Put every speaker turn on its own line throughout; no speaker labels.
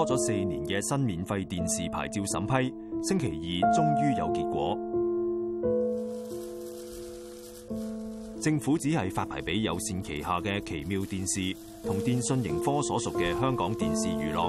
拖咗四年嘅新免費電視牌照審批，星期二終於有結果。政府只係發牌俾有綫旗下嘅奇妙電視同電訊盈科所屬嘅香港電視娛樂，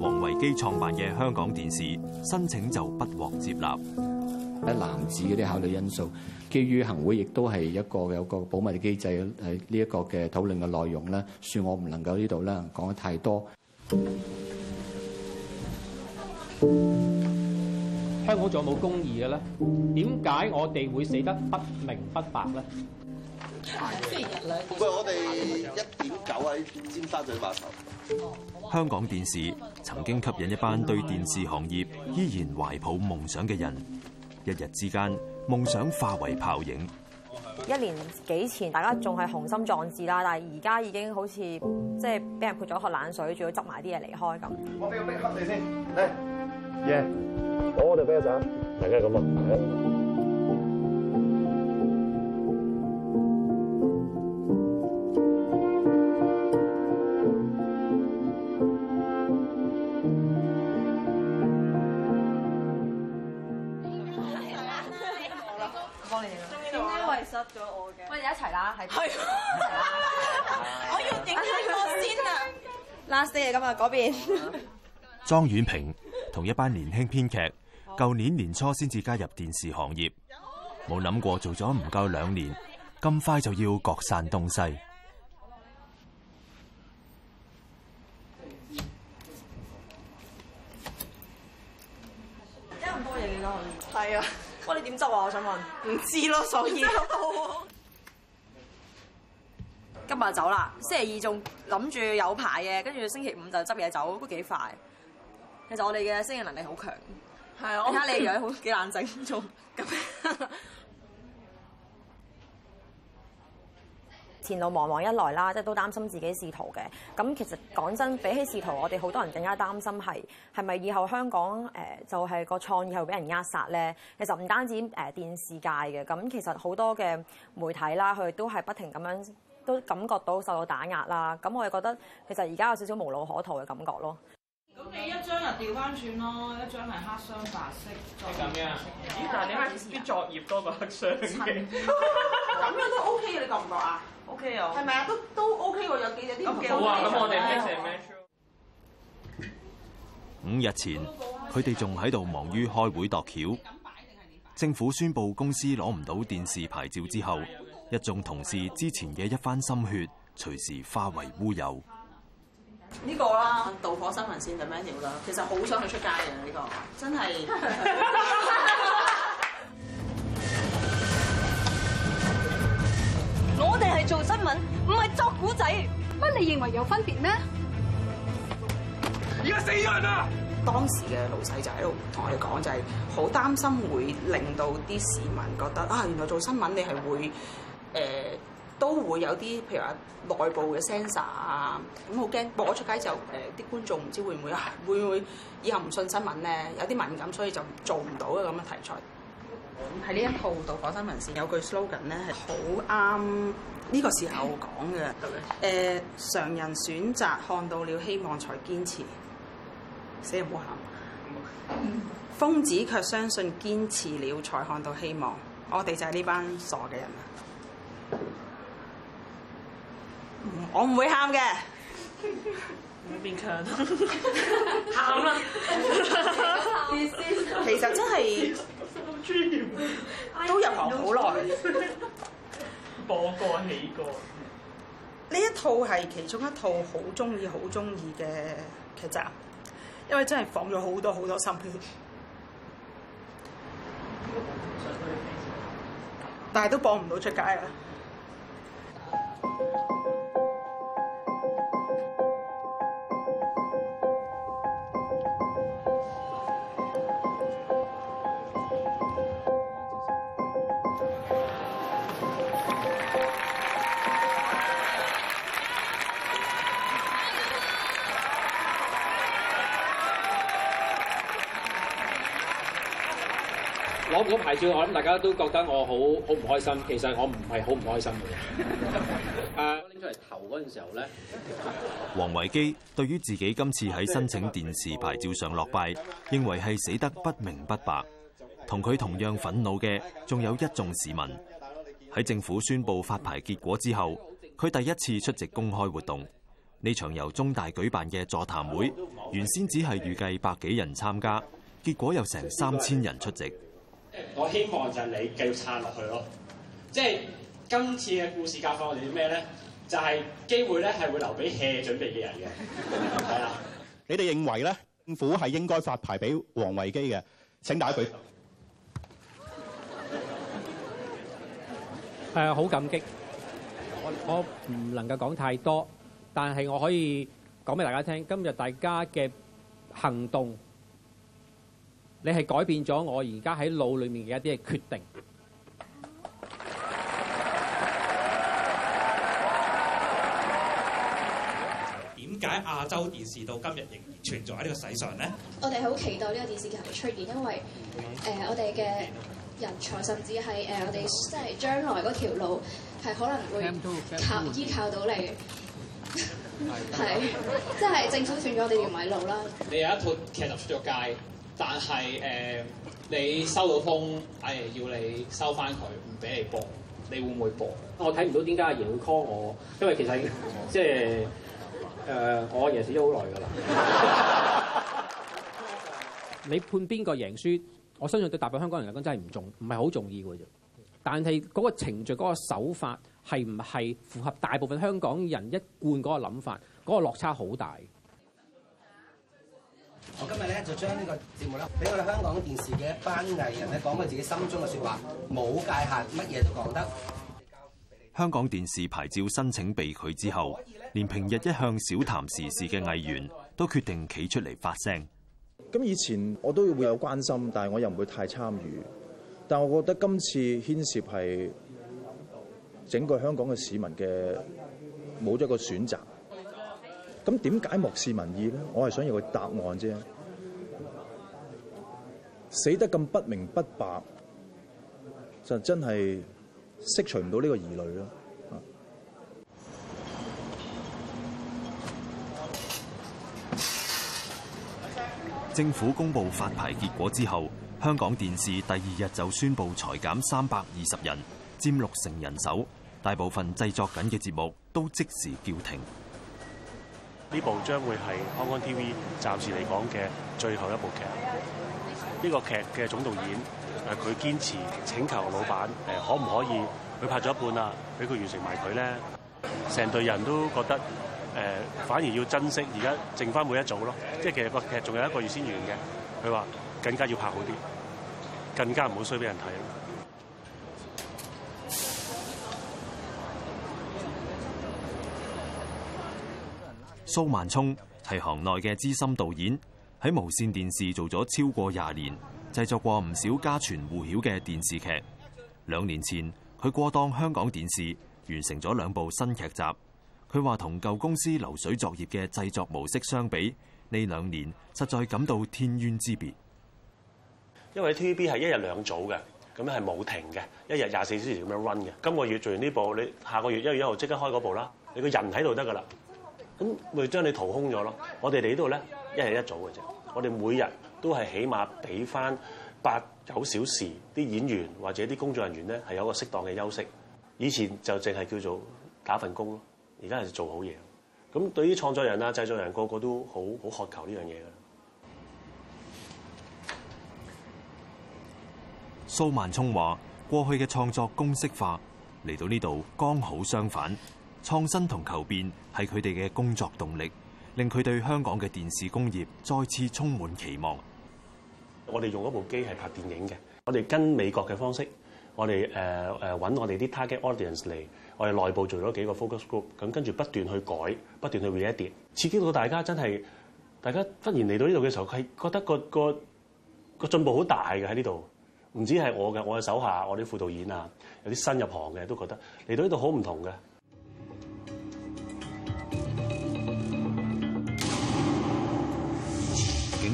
王維基創辦嘅香港電視申請就不獲接納。
一籃子嗰啲考慮因素，基於行會亦都係一個有一個保密機制，誒呢一個嘅討論嘅內容咧，恕我唔能夠呢度咧講得太多。
香港仲有冇公義嘅呢？點解我哋會死得不明不白呢？
我哋
一點九喺尖沙咀碼，香港電視曾經吸引一班對電視行業依然懷抱夢想嘅人，一日之間夢想化為泡影。
一年幾前，大家仲係雄心壯志啦，但係而家已經好似即係俾人潑咗一殼冷水，仲要執埋啲嘢離開
咁。
我俾個秘笈你先逼逼，嚟嘢，我哋啤酒隻，係咪咁啊？
啊！嗰那
邊
莊婉平同一班年輕編劇，舊年年初先至加入電視行業，冇諗過做咗唔夠兩年，咁快就要各散東西
啊。有咁多嘢，你都可以係啊。喂，你點執啊？我想問。唔知咯，所以。就走啦！星期二仲諗住有排嘅，跟住星期五就執嘢走，都幾快。其實我哋嘅適應能力好強，
睇下的你而家好
幾懶整做咁樣，前路茫茫一來啦，即係都擔心自己仕途嘅。咁其實講真的，比起仕途，我哋好多人更加擔心係係咪以後香港誒就係、是、個創意係會俾人扼殺咧？其實唔單止誒電視界嘅，咁其實好多嘅媒體啦，佢都係不停咁樣。都感覺到受到打壓啦，咁我係覺得其實而家有少少無路可逃嘅感覺咯。咁
你一張
就調
翻轉咯，一張係黑雙白色。咁樣？咦，但係點解啲作業多過黑雙嘅？咁樣都 OK 嘅，你覺唔覺啊？OK 啊？係咪啊？都都 OK 喎，有幾隻啲
好啊！五日前，佢哋仲喺度忙於開會度橋。政府宣布公司攞唔到電視牌照之後。一眾同事之前嘅一番心血，隨時化為烏有。
呢個啦，導火新聞線就
咩料啦。其實好想去出
街嘅呢個，真係。我哋係做新聞，唔係作古仔，乜你認為有分別咩？
而家死人啦！當時嘅老細仔喺度同我哋講，就係好擔心會令到啲市民覺得啊，原來做新聞你係會。呃、都會有啲，譬如話內部嘅 sensor 啊，咁好驚。播咗出街就誒啲、呃、觀眾唔知會唔會啊，會唔會以後唔信新聞咧？有啲敏感，所以就做唔到嘅咁嘅題材。喺呢一套導火新聞線，有句 slogan 咧係好啱呢個時候講嘅。誒對、呃，常人選擇看到了希望才堅持，死人唔好喊。瘋有子卻相信堅持了才看到希望。我哋就係呢班傻嘅人。我唔會喊嘅，唔會變強，
喊啦。其實真係
都入行好耐，播過起過。
呢一套係其中一套好中意、好中意嘅劇集，因為真係放咗好多好多心血，但係都播唔到出街啊！
如果牌照，我諗大家都覺得我好好唔開心。其實我唔係好唔開心嘅。誒拎、 啊、出嚟投嗰陣時候咧，
王維基對於自己今次喺申請電視牌照上落敗，認為係死得不明不白。同佢同樣憤怒嘅，仲有一眾市民喺政府宣布發牌結果之後，佢第一次出席公開活動。呢場由中大舉辦嘅座談會，原先只係預計百幾人參加，結果有成三千人出席。
我希望就係你繼續撐落去咯。即係今次嘅故事教訓，我哋做咩咧？就係、是、機會咧，係會留俾有準備嘅人
嘅。係啊，你哋認為咧，政府係應該發牌俾王維基嘅？請大家舉手。誒、 呃，好感激。
我我唔能夠講太多，但係我可以講俾大家聽。今日大家嘅行動。你係改變咗我而家喺腦裡面嘅一啲嘅決定。點解亞洲電視到今日仍然存
在喺呢個世上呢？
我哋好期待呢個電視劇嘅出現，因為誒、呃、我哋嘅人才，甚至係誒、呃、我哋即係將來嗰條路係可能會靠依靠到你，
係
即係政府斷咗我哋條米路
啦。
你有一套劇集出咗街。但係誒、呃，你收到風，係、哎、要你收翻佢，唔俾你播，你會唔會播？我睇唔到點解阿爺會 call 我，因為其實 即係誒、呃，我爺爺死咗好耐㗎啦。你判邊個贏輸，我相信對大部分香港人嚟講真係唔重，唔係好重要㗎啫。但係嗰個程序、嗰個手法係唔係符合大部分香港人一貫嗰個諗法？嗰個落差好大。
我今日咧，就將呢個節目啦，俾我哋香港電視嘅一班藝人咧，講佢自己心中嘅說話，冇界限，乜嘢都講得。
香港電視牌照申請被拒之後，連平日一向少談時事嘅藝員都決定企出嚟發聲。咁以前我都會有關心，但係我又唔會太參與。但我覺得今次牽涉係整個香港嘅市民嘅冇咗個選擇。咁點解漠視民意呢？我係想要個答案啫，死得咁不明不白，就真係釋除唔到呢個疑慮咯。政府公布發牌結果之後，香港電視第二日就宣布裁減三百二十人，佔六成人手，大部分製作緊嘅節目都即時叫停。
呢部將會係香港 TV 暫時嚟講嘅最後一部劇。呢、這個劇嘅總導演誒，佢堅持請求老闆誒，可唔可以佢拍咗一半啦，俾佢完成埋佢咧？成隊人都覺得誒、呃，反而要珍惜而家剩返每一組咯。即係其實個劇仲有一個月先完嘅。佢話更加要拍好啲，更加唔好衰俾人
睇。
蘇萬聰係行內嘅資深導演，喺無綫電視做咗超過廿年，製作過唔少家傳戶曉嘅電視劇。兩年前佢過檔香港電視，完成咗兩部新劇集。佢話同舊公司流水作業嘅製作模式相比，呢兩年實在感到天淵之別。
因為 TVB 係一日兩組嘅，咁樣係冇停嘅，一日廿四小時咁樣 run 嘅。今個月做完呢部，你下個月一月一號即刻開嗰部啦，你個人喺度得噶啦。咁咪將你掏空咗咯。我哋嚟呢度咧，一日一組嘅啫。我哋每日都係起碼俾翻八九小時，啲演員或者啲工作人員咧係有個適當嘅休息。以前就淨係叫做打份工咯，而家係做好嘢。咁對於創作人啊、製作人個個都好好渴求呢樣嘢
㗎。蘇萬聰話：過去嘅創作公式化，嚟到呢度剛好相反。創新同求變係佢哋嘅工作動力，令佢對香港嘅電視工業
再次充滿期望。我哋用一部機係拍電影嘅，我哋跟美國嘅方式，我哋誒、呃、搵我哋啲 target audience 嚟，我哋內部做咗幾個 focus group，咁跟住不斷去改，不斷去 re-edit，刺激到大家真係大家忽然嚟到呢度嘅時候，係覺得個個個進步好大嘅喺呢度。唔止係我嘅，我嘅手下，我啲副導演啊，有啲新入行嘅都覺得嚟到呢度好唔同嘅。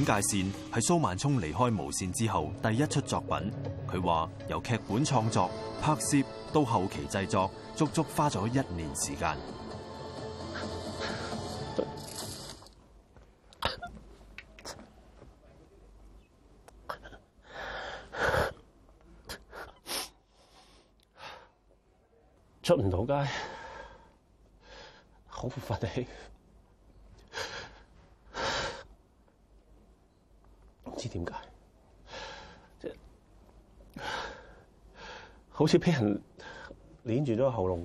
警界線係蘇萬聰離開無線之後第一出作品，佢話由劇本創作、拍攝到後期製作，足足花咗一年時間。
出唔到街，好唔忿氣。點解？即係好似俾人捏住咗喉嚨，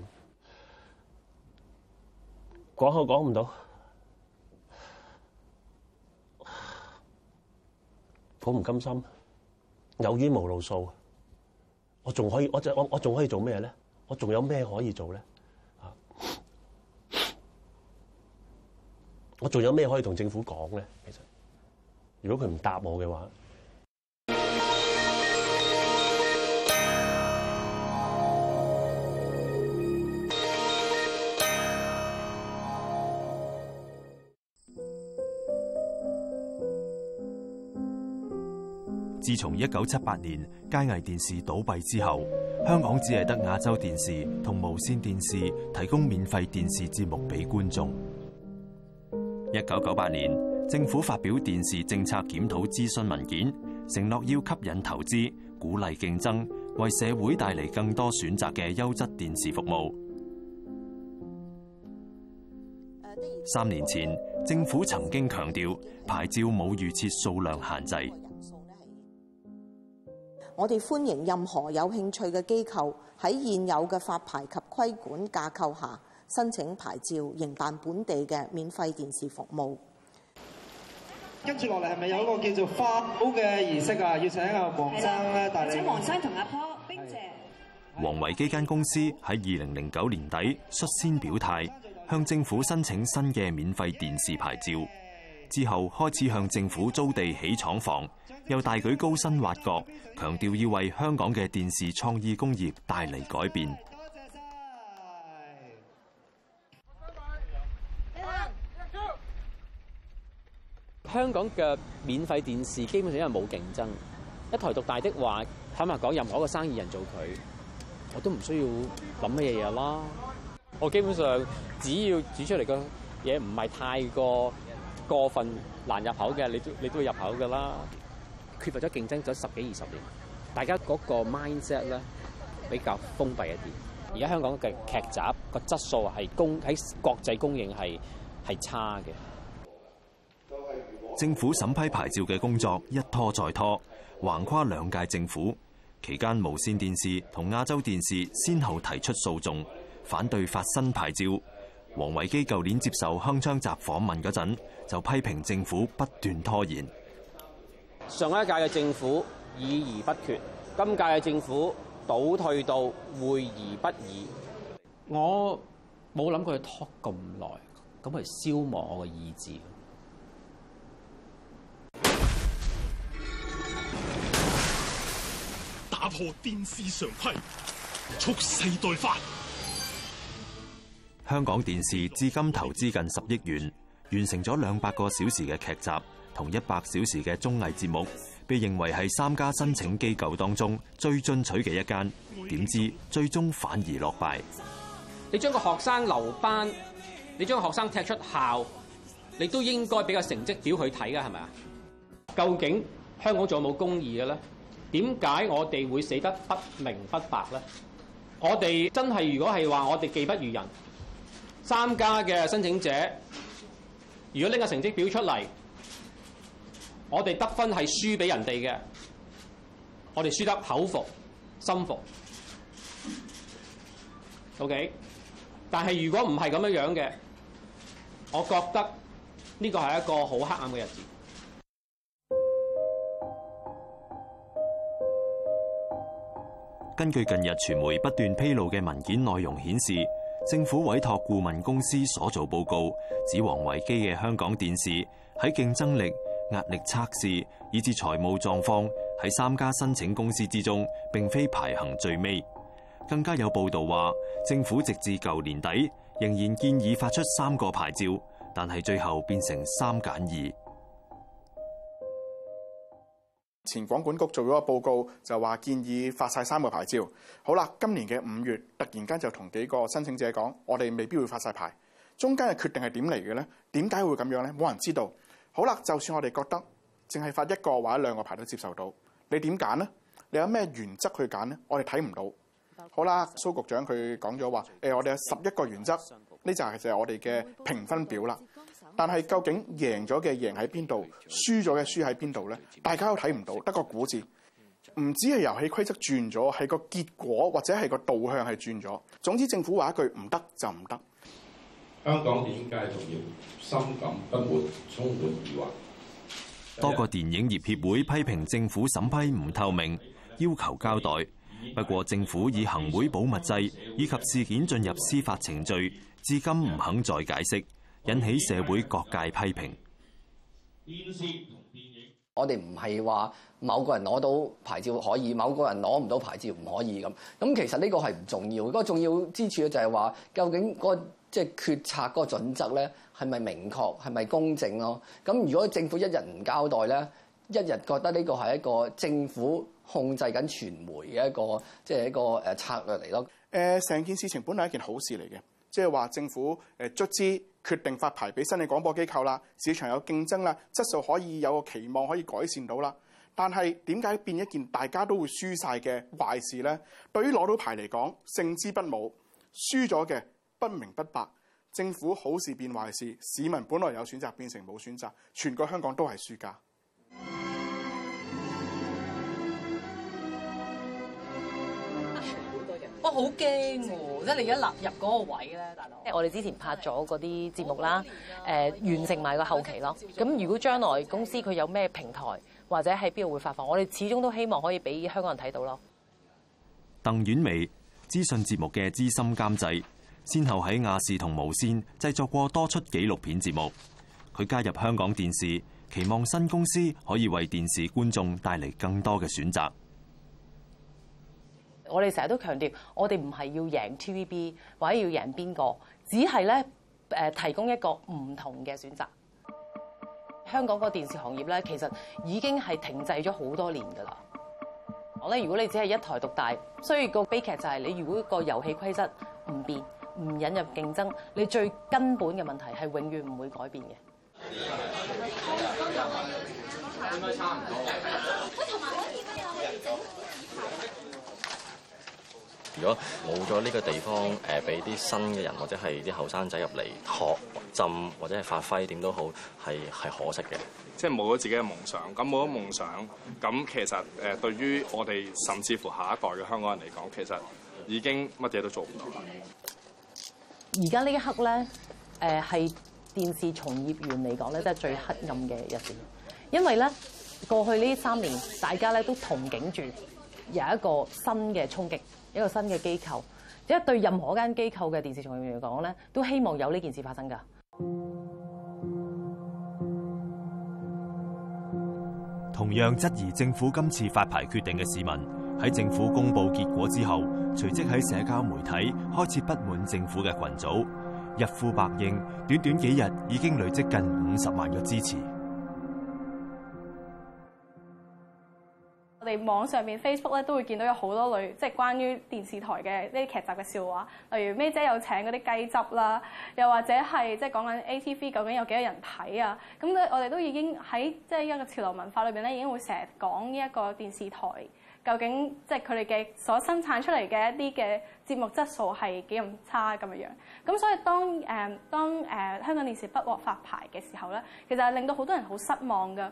講口講唔到，好唔甘心，有冤無路數。我仲可以，我就我我仲可以做咩咧？我仲有咩可以做咧？啊！我仲有咩可以同政府講咧？其實。如果佢唔答我嘅話，
自從一九七八年佳藝電視倒閉之後，香港只係得亞洲電視同無線電視提供免費電視節目俾觀眾。一九九八年。政府發表電視政策檢討諮詢文件，承諾要吸引投資、鼓勵競爭，為社會帶嚟更多選擇嘅優質電視服務。三年前，政府曾經強調牌照冇預設數量限制。
我哋歡迎任何有興趣嘅機構喺現有嘅發牌及規管架構下申請牌照，營辦本地嘅免費電視服務。跟住落嚟係咪有一個叫做花屋嘅儀式啊？要請的你阿王生咧，大請王生同
阿坡冰
姐。王維基間公司喺二零零九年底率先表態，向政府申請新嘅免費電視牌照，之後開始向政府租地起廠房，又大舉高薪挖角，強調要為香港嘅電視創意工業帶嚟改變。
香
港嘅免費電視基本上因為冇競爭，一台獨大的話，坦白講，任何一個生意人做佢，我都唔需要諗乜嘢嘢啦。我基本上只要煮出嚟嘅嘢唔係太過過分難入口嘅，你都你都會入口㗎啦。缺乏咗競爭咗十幾二十年，大家嗰個 mindset 呢，比較封閉一啲。而家香港嘅劇集個質素係供喺國際供應係係差嘅。
政府審批牌照嘅工作一拖再拖，橫跨兩屆政府期間，間無線電視同亞洲電視先後提出訴訟，反對發新牌照。王維基舊年接受《鏗鏘集》訪問嗰陣，就批評政府不斷拖延。
上一屆嘅政府議而不決，今屆嘅政府倒退到會而不議。我冇諗過拖咁耐，咁係消磨我嘅意志。
突破電視常規，蓄勢待發。
香港電視至今投資近十億元，完成咗兩百個小時嘅劇集同一百小時嘅綜藝節目，被認為係三家申請機構當中最進取嘅一間。點知最終反而落敗？
你將個學生留班，你將學生踢出校，你都應該俾個成績表去睇噶，係咪啊？究竟香港仲有冇公義嘅咧？點解我哋會死得不明不白咧？我哋真係如果係話我哋技不如人，三家嘅申請者，如果拎個成績表出嚟，我哋得分係輸俾人哋嘅，我哋輸得口服心服。OK，但係如果唔係咁樣樣嘅，我覺得呢個係一個好黑暗嘅日子。
根據近日傳媒不斷披露嘅文件內容顯示，政府委託顧問公司所做報告指，王維基嘅香港電視喺競爭力、壓力測試以至財務狀況喺三家申請公司之中並非排行最尾。更加有報道話，政府直至舊年底仍然建議發出三個牌照，但係最後變成三減二。
前廣管局做咗個報告，就話建議發晒三個牌照。好啦，今年嘅五月突然間就同幾個申請者講，我哋未必會發晒牌。中間嘅決定係點嚟嘅呢？點解會咁樣呢？冇人知道。好啦，就算我哋覺得淨係發一個或者兩個牌都接受到，你點揀呢？你有咩原則去揀呢？我哋睇唔到。好啦，蘇局長佢講咗話，誒、呃，我哋有十一個原則，呢就係就係我哋嘅評分表啦。但係究竟贏咗嘅贏喺邊度，輸咗嘅輸喺邊度呢？大家都睇唔到，得個估字。唔止係遊戲規則轉咗，係個結果或者係個導向係轉咗。總之政府話一句，唔得就唔得。香港電影界仲要深感不滿，充滿疑惑。多
個電影業協會批評政府審批唔透明，要求交代。不過政府以行會保密制以及事件進入司法程序，至今唔肯再解釋。引起社會各界批評。
電視同電影，我哋唔係話某個人攞到牌照可以，某個人攞唔到牌照唔可以咁。咁其實呢個係唔重要，嗰個重要之處咧就係話，究竟、嗰個即係、即係、決策個準則咧係咪明確，係咪公正咯？咁如果政府一日唔交代咧，一日覺得呢個係一個政府控制緊傳媒嘅一
個即係、即係、一個誒策略嚟咯。誒、呃，成件事情本嚟係一件好事嚟嘅，即係話政府誒卒之。呃決定發牌俾新嘅廣播機構啦，市場有競爭啦，質素可以有個期望可以改善到啦。但係點解變一件大家都會輸晒嘅壞事呢？對於攞到牌嚟講，勝之不武；輸咗嘅不明不白。政府好事變壞事，市民本來有選擇變成冇選擇，全個香港都係輸家。
好驚喎！即、哦、你一踏入嗰個位咧，大佬。即我哋之前拍咗嗰啲節目啦，的完成埋個後期咯。咁的如果將來公司佢有咩平台，或者係邊度會發放，我哋始終都希望可以俾香港人睇到咯。
鄧婉薇，資訊節目嘅資深監製，先後喺亞視同無線製作過多出紀錄片節目。佢加入香港電視，期望新公司可以為電視觀眾帶嚟更多嘅選擇。
我哋成日都強調，我哋唔係要贏 TVB 或者要贏邊個，只係咧誒提供一個唔同嘅選擇。香港個電視行業咧，其實已經係停滯咗好多年㗎啦。我覺得如果你只係一台獨大，所以個悲劇就係你如果個遊戲規則唔變，唔引入競爭，你最根本嘅問題係永遠唔會改變嘅。應該
差唔多。我同埋可以啊。
如果冇咗呢個地方，誒俾啲新嘅人或者係啲後生仔入嚟學浸，浸或者係
發揮，點都好係係可惜嘅。即係冇咗自己嘅夢想，咁冇咗夢想，咁其實誒對於我哋甚至乎下一代嘅香港人嚟講，其實已經乜嘢都做唔到。
而家呢一刻咧，誒係電視從業員嚟講咧，都係最黑暗嘅日子，因為咧過去呢三年大家咧都憧憬住有一個新嘅衝擊。一個新嘅機構，即係對任何間機構嘅電視從業員嚟講咧，都希望有呢件事發生噶。
同樣質疑政府今次發牌決定嘅市民，喺政府公布結果之後，隨即喺社交媒體開設不滿政府嘅群組，一呼百應，短短幾日已經累積近五十萬嘅支持。
我哋網上面 Facebook 咧都會見到有好多類，即係關於電視台嘅呢啲劇集嘅笑話，例如 May 姐有請嗰啲雞汁啦，又或者係即係講緊 ATV 究竟有幾多人睇啊？咁都我哋都已經喺即係呢個潮流文化裏邊咧，已經會成日講呢一個電視台究竟即係佢哋嘅所生產出嚟嘅一啲嘅節目質素係幾咁差咁樣樣。咁所以當誒當誒香港電視不獲發牌嘅時候咧，其實係令到好多人好失望㗎。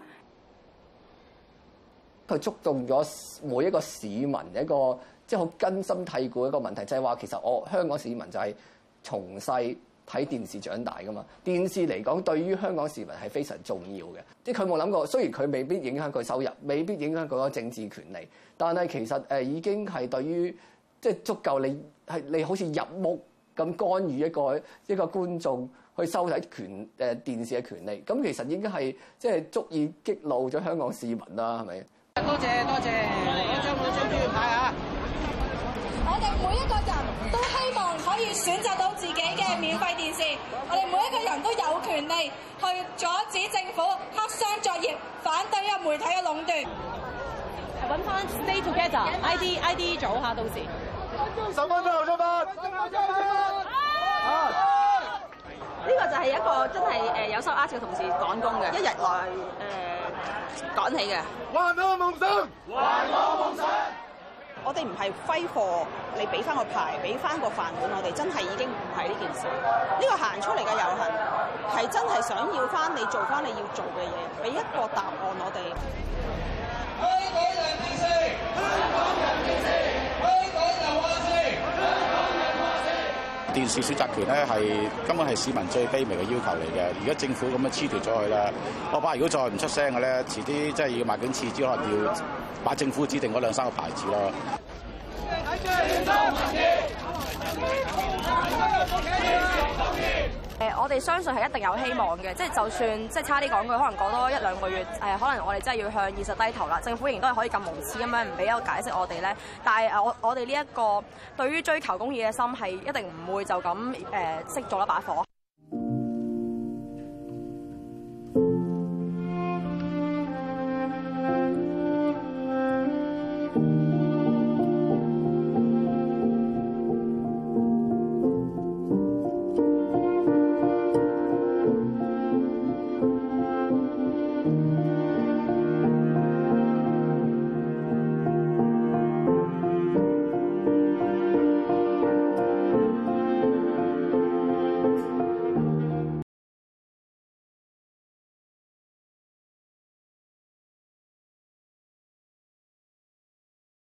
佢觸動咗每一個市民一個即係好根深蒂固一個問題，就係、是、話其實我、哦、香港市民就係從細睇電視長大噶嘛。電視嚟講對於香港市民係非常重要嘅。即係佢冇諗過，雖然佢未必影響佢收入，未必影響佢個政治權利，但係其實誒已經係對於即係足夠你係你好似入目咁干預一個一個觀眾去收睇權誒電視嘅權利。咁其實應該係即係足以激怒咗香港市民啦，係咪？
多謝多謝，我哋一張我張票，
我哋每一個人都希望可以選擇到自己嘅免費電視，我哋每一個人都有權利去阻止政府黑箱作業，反對一個媒體嘅壟斷。搵翻 Stay Together，I D I D
組
下，到時
十分鐘後出發。
呢個就係一個真係誒有收壓線同事趕工嘅，一日來誒趕起嘅。還我夢想，
還我夢
想。我哋唔係揮貨，你俾翻個牌，俾翻個飯碗，我哋真係已經唔係呢件事。呢個行出嚟嘅遊行，係真係想要翻你做翻你要做嘅嘢，俾一個答案我哋。
電視選擇權咧係根本係市民最卑微嘅要求嚟嘅，而家政府咁樣黐條咗佢啦。我怕如果再唔出聲嘅咧，遲啲即係要買廁紙只可能要把政府指定嗰兩三個牌子咯。着
誒、呃，我哋相信係一定有希望嘅，即係就算即係差啲講句，可能過多一兩個月，誒、呃，可能我哋真係要向現實低頭啦。政府仍然都係可以咁無恥咁樣唔俾一個解釋我哋咧，但係誒、呃，我我哋呢一個對於追求公義嘅心係一定唔會就咁誒熄咗一把火。